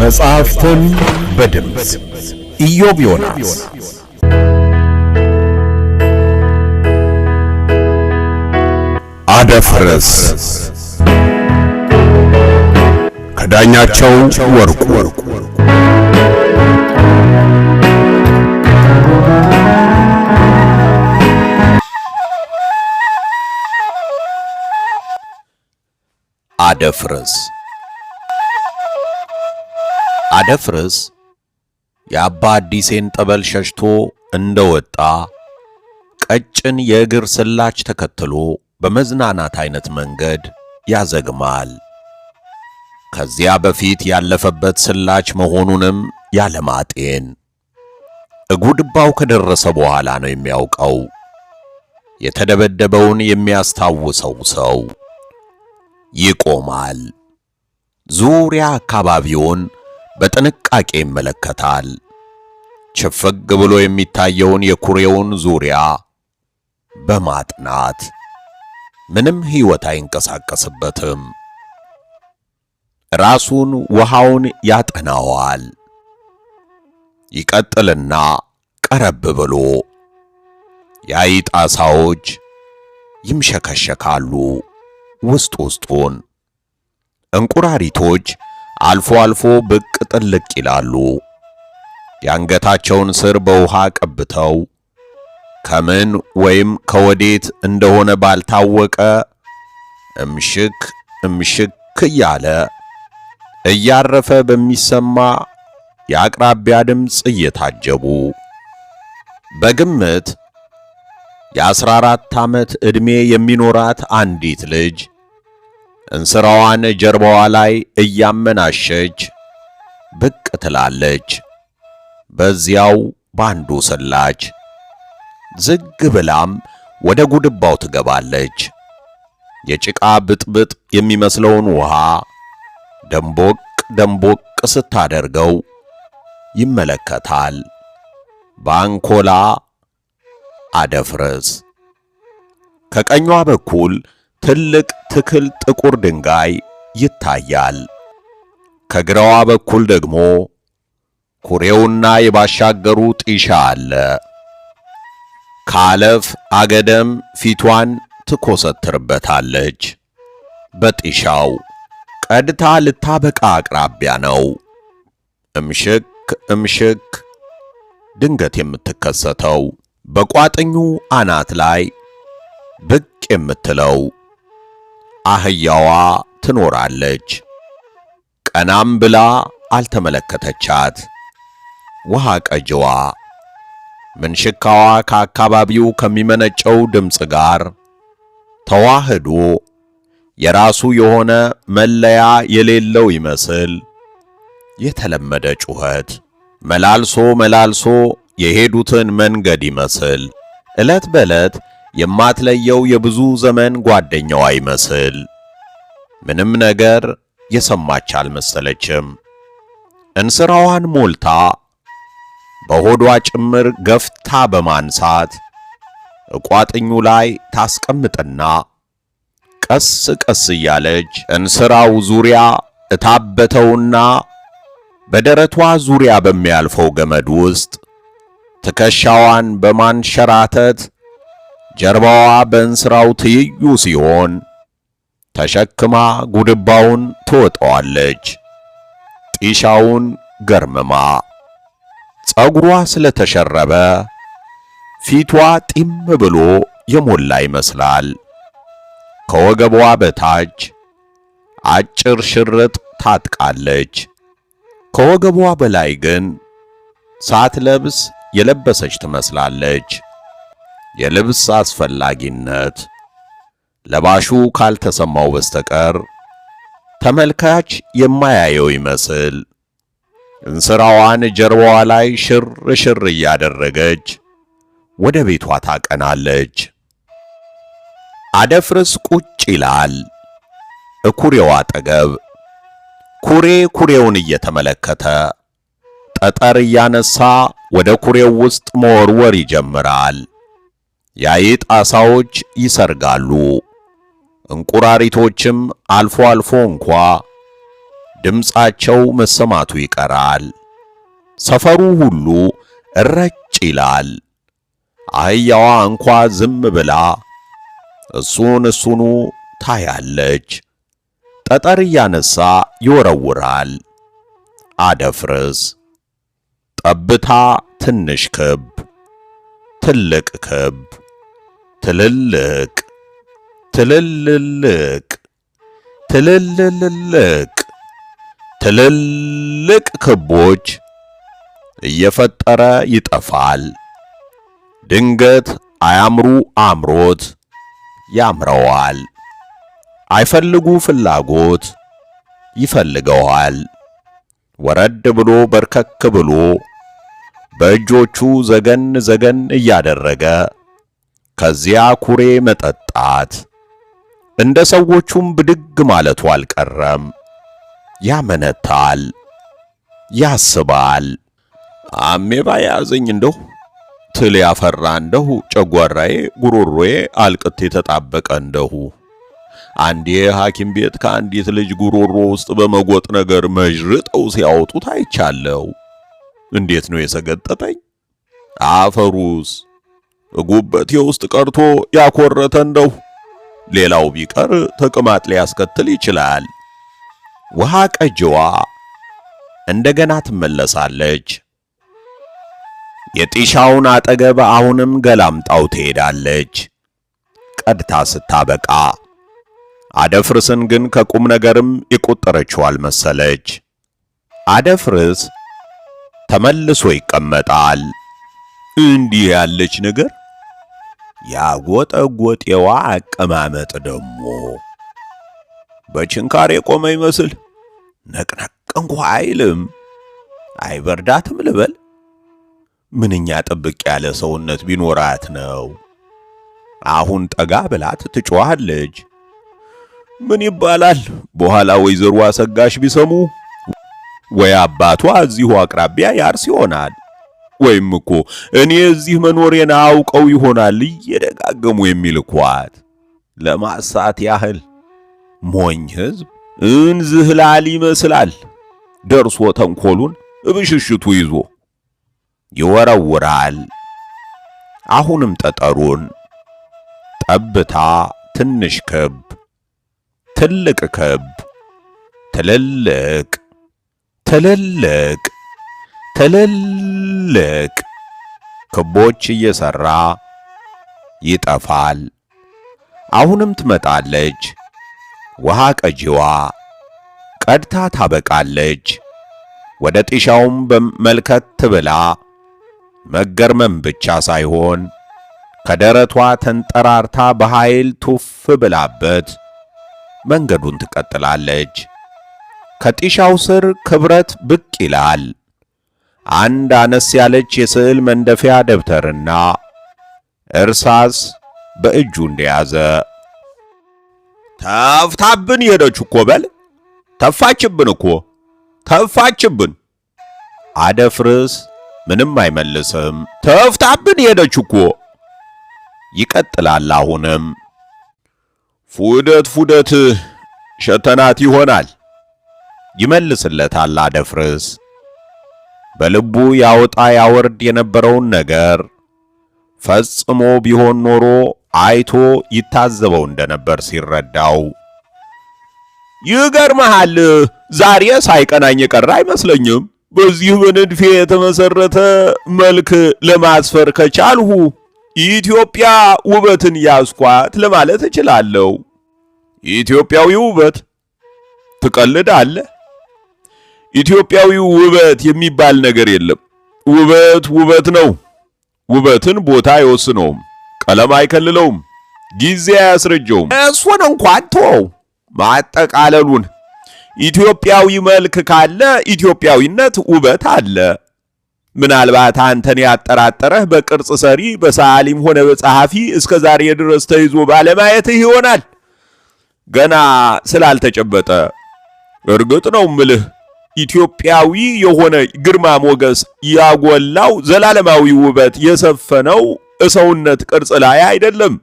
መጽሐፍትን በድምፅ ኢዮብ ዮናስ አደፍርስ ከዳኛቸው ወርቁ አደፍርስ አደፍርስ የአባ አዲሴን ጠበል ሸሽቶ እንደወጣ ቀጭን የእግር ስላች ተከትሎ በመዝናናት አይነት መንገድ ያዘግማል። ከዚያ በፊት ያለፈበት ስላች መሆኑንም ያለማጤን እጉድባው ከደረሰ በኋላ ነው የሚያውቀው። የተደበደበውን የሚያስታውሰው ሰው ይቆማል። ዙሪያ አካባቢውን በጥንቃቄ ይመለከታል። ችፍግ ብሎ የሚታየውን የኩሬውን ዙሪያ በማጥናት ምንም ሕይወት አይንቀሳቀስበትም። ራሱን ውሃውን ያጠናዋል። ይቀጥልና ቀረብ ብሎ የአይጥ ይምሸከሸካሉ ውስጥ ውስጡን እንቁራሪቶች አልፎ አልፎ ብቅ ጥልቅ ይላሉ። የአንገታቸውን ስር በውሃ ቀብተው ከምን ወይም ከወዴት እንደሆነ ባልታወቀ እምሽክ እምሽክ እያለ እያረፈ በሚሰማ የአቅራቢያ ድምፅ እየታጀቡ በግምት የአስራ አራት ዓመት ዕድሜ የሚኖራት አንዲት ልጅ እንስራዋን ጀርባዋ ላይ እያመናሸች ብቅ ትላለች። በዚያው ባንዱ ስላች ዝግ ብላም ወደ ጉድባው ትገባለች። የጭቃ ብጥብጥ የሚመስለውን ውሃ ደንቦቅ ደንቦቅ ስታደርገው ይመለከታል። ባንኮላ አደፍርስ ከቀኟ በኩል ትልቅ ትክል ጥቁር ድንጋይ ይታያል። ከግራዋ በኩል ደግሞ ኩሬውና የባሻገሩ ጢሻ አለ። ካለፍ አገደም ፊቷን ትኮሰትርበታለች። በጢሻው ቀድታ ልታበቃ አቅራቢያ ነው። እምሽክ እምሽክ ድንገት የምትከሰተው በቋጥኙ አናት ላይ ብቅ የምትለው አህያዋ ትኖራለች። ቀናም ብላ አልተመለከተቻት። ውሃ ቀጅዋ ምንሽካዋ ከአካባቢው ከሚመነጨው ድምፅ ጋር ተዋህዶ የራሱ የሆነ መለያ የሌለው ይመስል የተለመደ ጩኸት መላልሶ መላልሶ የሄዱትን መንገድ ይመስል ዕለት በዕለት የማትለየው የብዙ ዘመን ጓደኛዋ ይመስል ምንም ነገር የሰማች አልመሰለችም። እንስራዋን ሞልታ በሆዷ ጭምር ገፍታ በማንሳት እቋጥኙ ላይ ታስቀምጥና ቀስ ቀስ እያለች እንስራው ዙሪያ እታበተውና በደረቷ ዙሪያ በሚያልፈው ገመድ ውስጥ ትከሻዋን በማንሸራተት ጀርባዋ በእንስራው ትይዩ ሲሆን ተሸክማ ጉድባውን ትወጣዋለች። ጢሻውን ገርምማ ጸጉሯ ስለተሸረበ ፊቷ ጢም ብሎ የሞላ ይመስላል። ከወገቧ በታች አጭር ሽርጥ ታጥቃለች። ከወገቧ በላይ ግን ሳትለብስ የለበሰች ትመስላለች። የልብስ አስፈላጊነት ለባሹ ካልተሰማው በስተቀር ተመልካች የማያየው ይመስል እንስራዋን ጀርባዋ ላይ ሽር ሽር እያደረገች ወደ ቤቷ ታቀናለች። አደፍርስ ቁጭ ይላል እኩሬዋ አጠገብ ኩሬ ኩሬውን እየተመለከተ ጠጠር እያነሳ ወደ ኩሬው ውስጥ መወርወር ይጀምራል። የአይጥ ዓሣዎች ይሰርጋሉ። እንቁራሪቶችም አልፎ አልፎ እንኳ ድምፃቸው መሰማቱ ይቀራል። ሰፈሩ ሁሉ እረጭ ይላል። አህያዋ እንኳ ዝም ብላ እሱን እሱኑ ታያለች። ጠጠር እያነሳ ይወረውራል። አደፍርስ ጠብታ ትንሽ ክብ ትልቅ ክብ ትልልቅ ትልልቅ ትልልልቅ ትልልቅ ክቦች እየፈጠረ ይጠፋል። ድንገት አያምሩ አምሮት ያምረዋል። አይፈልጉ ፍላጎት ይፈልገዋል። ወረድ ብሎ በርከክ ብሎ በእጆቹ ዘገን ዘገን እያደረገ ከዚያ ኩሬ መጠጣት፣ እንደ ሰዎቹም ብድግ ማለቱ አልቀረም። ያመነታል፣ ያስባል። አሜባ የያዘኝ እንደሁ ትል ያፈራ እንደሁ ጨጓራዬ፣ ጉሮሮዬ አልቅት የተጣበቀ እንደሁ አንዴ ሐኪም ቤት ከአንዲት ልጅ ጉሮሮ ውስጥ በመጎጥ ነገር መዥርጠው ሲያወጡት አይቻለው። እንዴት ነው የሰገጠጠኝ! አፈሩስ ጉበቴ ውስጥ ቀርቶ ያኮረተ እንደው ሌላው ቢቀር ተቅማጥ ሊያስከትል ይችላል። ውሃ ቀጅዋ እንደገና ትመለሳለች። የጢሻውን አጠገብ አሁንም ገላምጣው ትሄዳለች። ቀድታ ስታበቃ አደፍርስን ግን ከቁም ነገርም ይቆጠረችዋል መሰለች። አደፍርስ ተመልሶ ይቀመጣል። እንዲህ ያለች ነገር ያጎጠጎጤዋ አቀማመጥ ደግሞ በችንካር የቆመ ይመስል ነቅነቅ እንኳ አይልም፣ አይበርዳትም ልበል። ምንኛ ጥብቅ ያለ ሰውነት ቢኖራት ነው። አሁን ጠጋ ብላት ትጮኻለች። ምን ይባላል በኋላ ወይዘሮ አሰጋሽ ቢሰሙ ወይ አባቷ እዚሁ አቅራቢያ ያርስ ይሆናል። ወይም እኮ እኔ እዚህ መኖሬን አውቀው ይሆናል እየደጋገሙ የሚልኳት ለማሳት ያህል ሞኝ ህዝብ እንዝህላል ይመስላል። ደርሶ ተንኮሉን ብሽሽቱ ይዞ ይወረውራል። አሁንም ጠጠሩን ጠብታ ትንሽ ክብ፣ ትልቅ ክብ፣ ትልልቅ ትልልቅ ትልልቅ ክቦች እየሰራ ይጠፋል። አሁንም ትመጣለች። ውሃ ቀጂዋ ቀድታ ታበቃለች። ወደ ጢሻውም በመልከት ብላ መገርመም ብቻ ሳይሆን ከደረቷ ተንጠራርታ በኃይል ቱፍ ብላበት መንገዱን ትቀጥላለች። ከጢሻው ስር ክብረት ብቅ ይላል። አንድ አነስ ያለች የስዕል መንደፊያ ደብተርና እርሳስ በእጁ እንደያዘ ተፍታብን ሄደች እኮ በል ተፋችብን እኮ ተፋችብን። አደፍርስ ምንም አይመልስም። ተፍታብን ሄደች እኮ ይቀጥላል። አሁንም ፉደት ፉደት ሸተናት ይሆናል ይመልስለታል አደፍርስ። በልቡ ያወጣ ያወርድ የነበረውን ነገር ፈጽሞ ቢሆን ኖሮ አይቶ ይታዘበው እንደነበር ሲረዳው ይገርመሃል፣ ዛሬ ሳይቀናኝ የቀረ አይመስለኝም። በዚህ በንድፌ የተመሰረተ መልክ ለማስፈር ከቻልሁ ኢትዮጵያ ውበትን ያስኳት ለማለት እችላለሁ። ኢትዮጵያዊ ውበት አለ ኢትዮጵያዊው ውበት የሚባል ነገር የለም። ውበት ውበት ነው። ውበትን ቦታ አይወስነውም፣ ቀለም አይከልለውም፣ ጊዜ አያስረጀውም። እሱን እንኳን ተወው፣ ማጠቃለሉን ኢትዮጵያዊ መልክ ካለ ኢትዮጵያዊነት ውበት አለ። ምናልባት አንተን ያጠራጠረህ በቅርጽ ሰሪ በሰዓሊም ሆነ በጸሐፊ እስከ ዛሬ ድረስ ተይዞ ባለማየትህ ይሆናል፣ ገና ስላልተጨበጠ። እርግጥ ነው ምልህ ኢትዮጵያዊ የሆነ ግርማ ሞገስ ያጎላው ዘላለማዊ ውበት የሰፈነው እሰውነት ቅርጽ ላይ አይደለም፣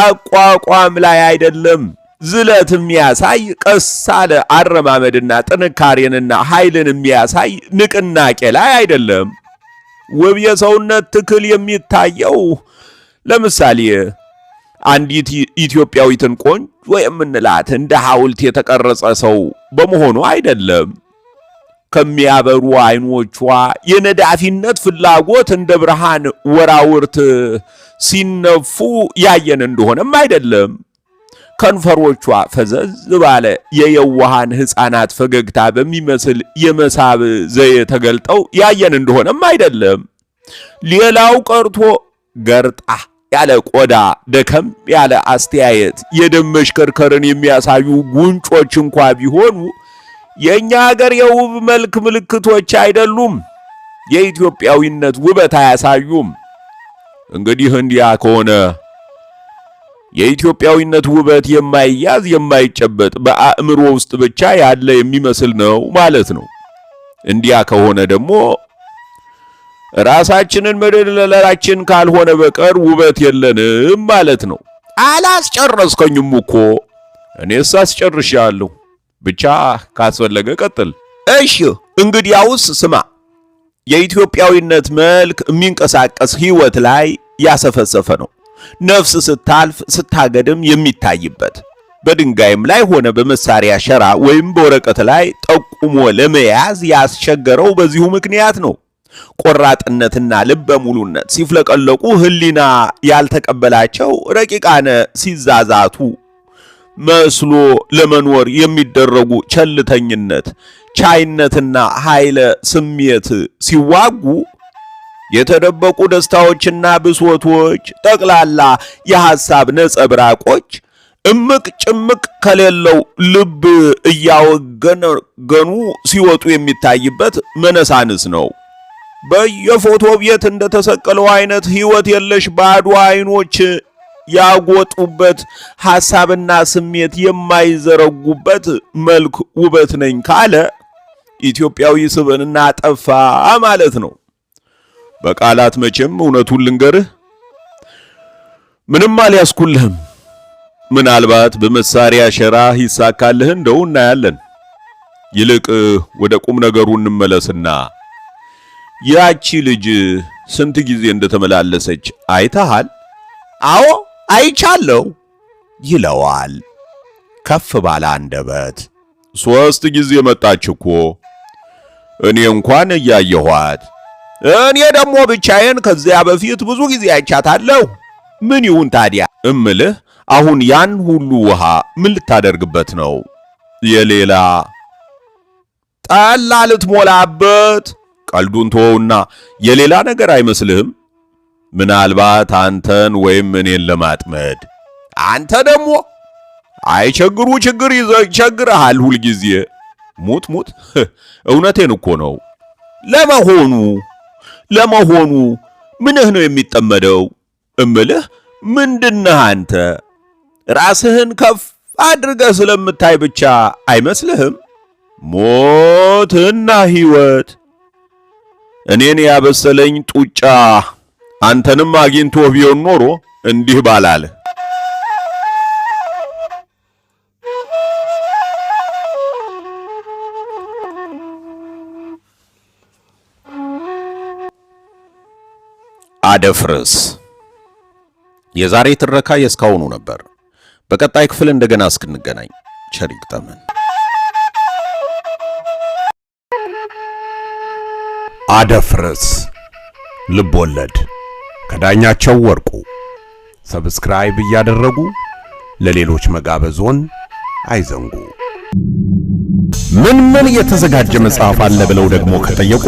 አቋቋም ላይ አይደለም። ዝለት የሚያሳይ ቀሳለ አረማመድና ጥንካሬንና ኃይልን የሚያሳይ ንቅናቄ ላይ አይደለም። ውብ የሰውነት ትክል የሚታየው ለምሳሌ አንዲት ኢትዮጵያዊትን ቆንጆ የምንላት እንደ ሐውልት የተቀረጸ ሰው በመሆኑ አይደለም። ከሚያበሩ አይኖቿ የነዳፊነት ፍላጎት እንደ ብርሃን ወራውርት ሲነፉ ያየን እንደሆነም አይደለም። ከንፈሮቿ ፈዘዝ ባለ የየዋሃን ሕፃናት ፈገግታ በሚመስል የመሳብ ዘዬ ተገልጠው ያየን እንደሆነም አይደለም። ሌላው ቀርቶ ገርጣ ያለ ቆዳ፣ ደከም ያለ አስተያየት፣ የደም መሽከርከርን የሚያሳዩ ጉንጮች እንኳ ቢሆኑ የእኛ ሀገር የውብ መልክ ምልክቶች አይደሉም። የኢትዮጵያዊነት ውበት አያሳዩም። እንግዲህ እንዲያ ከሆነ የኢትዮጵያዊነት ውበት የማይያዝ የማይጨበጥ በአእምሮ ውስጥ ብቻ ያለ የሚመስል ነው ማለት ነው። እንዲያ ከሆነ ደግሞ ራሳችንን መደለላችን ካልሆነ በቀር ውበት የለንም ማለት ነው። አላስጨረስከኝም እኮ እኔስ አስጨርሻለሁ። ብቻ ካስፈለገ ቀጥል። እሺ እንግዲያውስ ስማ፣ የኢትዮጵያዊነት መልክ የሚንቀሳቀስ ህይወት ላይ ያሰፈሰፈ ነው። ነፍስ ስታልፍ ስታገድም የሚታይበት በድንጋይም ላይ ሆነ በመሳሪያ ሸራ ወይም በወረቀት ላይ ጠቁሞ ለመያዝ ያስቸገረው በዚሁ ምክንያት ነው። ቆራጥነትና ልበ ሙሉነት ሲፍለቀለቁ ህሊና ያልተቀበላቸው ረቂቃነ ሲዛዛቱ መስሎ ለመኖር የሚደረጉ ቸልተኝነት፣ ቻይነትና ኃይለ ስሜት ሲዋጉ የተደበቁ ደስታዎችና ብሶቶች ጠቅላላ የሐሳብ ነጸብራቆች እምቅ ጭምቅ ከሌለው ልብ እያወገነገኑ ሲወጡ የሚታይበት መነሳንስ ነው። በየፎቶ ቤት እንደተሰቀለው አይነት ሕይወት የለሽ ባዶ አይኖች ያጎጡበት ሐሳብና ስሜት የማይዘረጉበት መልክ ውበት ነኝ ካለ ኢትዮጵያዊ ስብዕና ጠፋ ማለት ነው። በቃላት መቼም እውነቱን ልንገርህ ምንም አልያዝኩልህም። ምናልባት በመሳሪያ ሸራ ይሳካልህ እንደው እናያለን። ይልቅ ወደ ቁም ነገሩ እንመለስና ያቺ ልጅ ስንት ጊዜ እንደተመላለሰች አይተሃል? አዎ አይቻለው ይለዋል። ከፍ ባለ አንደበት ሦስት ጊዜ መጣች እኮ እኔ እንኳን እያየኋት፣ እኔ ደግሞ ብቻዬን ከዚያ በፊት ብዙ ጊዜ አይቻታለሁ። ምን ይሁን ታዲያ እምልህ አሁን ያን ሁሉ ውሃ ምን ልታደርግበት ነው? የሌላ ጠላ ልትሞላበት? ቀልዱን ተወውና የሌላ ነገር አይመስልህም? ምናልባት አንተን ወይም እኔን ለማጥመድ አንተ ደግሞ አይ ቸግሩ ችግር ይቸግርሃል ሁልጊዜ ሙት ሙት። እውነቴን እኮ ነው። ለመሆኑ ለመሆኑ ምንህ ነው የሚጠመደው? እምልህ ምንድነህ አንተ? ራስህን ከፍ አድርገህ ስለምታይ ብቻ አይመስልህም? ሞትና ሕይወት እኔን ያበሰለኝ ጡጫ አንተንም አግኝቶህ ቢሆን ኖሮ እንዲህ ባላለ። አደፍርስ የዛሬ ትረካ የእስካሁኑ ነበር። በቀጣይ ክፍል እንደገና እስክንገናኝ ቸር ይግጠመን። አደፍርስ ልብ ወለድ ከዳኛቸው ወርቁ ሰብስክራይብ እያደረጉ ለሌሎች መጋበዞን አይዘንጉ። ምን ምን የተዘጋጀ መጽሐፍ አለ ብለው ደግሞ ከጠየቁ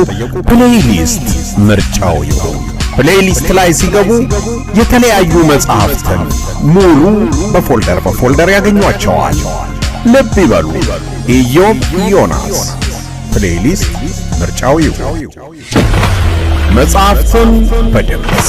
ፕሌይሊስት ምርጫው ይሆን። ፕሌይሊስት ላይ ሲገቡ የተለያዩ መጽሐፍትን ሙሉ በፎልደር በፎልደር ያገኟቸዋል። ልብ ይበሉ፣ ኢዮብ ዮናስ ፕሌይሊስት ምርጫው ይሁን። መጽሐፍትን በድምፅ